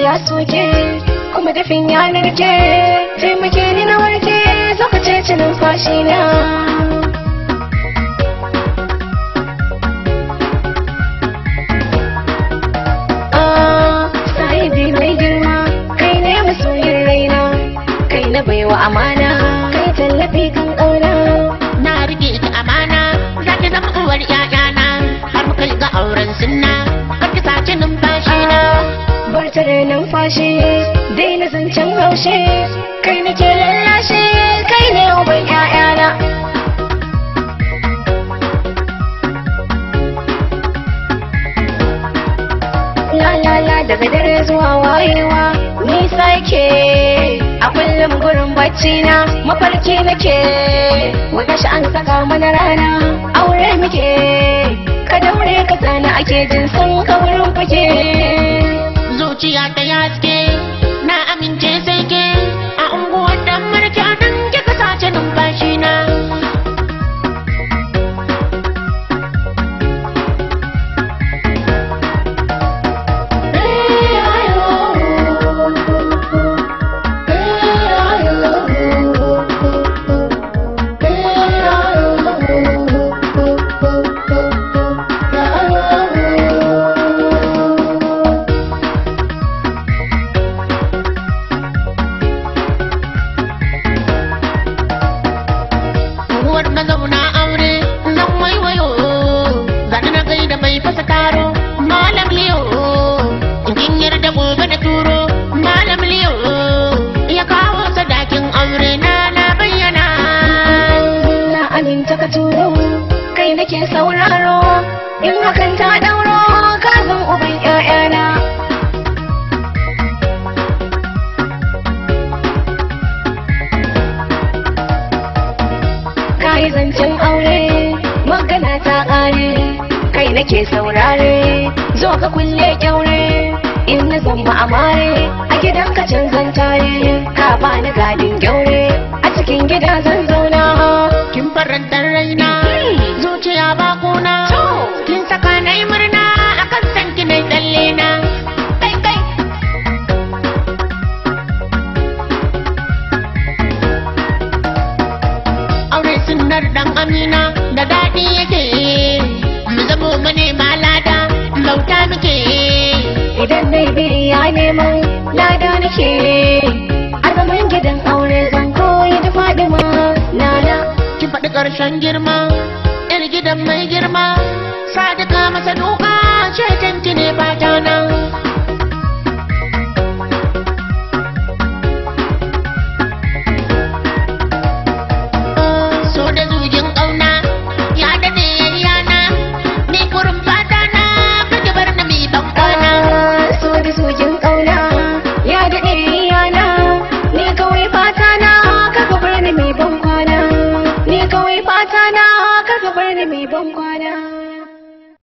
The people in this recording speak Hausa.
ya soke kuma dafin yanar ke taimake ni na warke zaka ci numfashi na ah, Sahibi mai girma kai ne masoyin raina kai na baiwa amana tare numfashi daina zancen haushe kai nake lallashe kai ne uban ƴaƴana la la la daga dare zuwa wayewa nisa yake a kullum gurin bacci na mafarki nake wata shi an saka mana rana aure muke ka daure ka tsana ake jin san ka wurin fake कुछ आते आज के मैं अमीन जैसे ke sauraro in hakan ta dauro kazan uban ƴaƴana kai zancen aure magana ta ƙare kai nake saurare zo ka kulle kyaure in na zamba amare a gidan ka can tare, ka ba ni gadin kyaure a cikin gida zan amina da daɗi yake mu zamo mane malada bauta muke idan zai biri ya nemo lada nake arzamin gidan aure zan koyi da fadima lala ki faɗi ƙarshen girma ربنا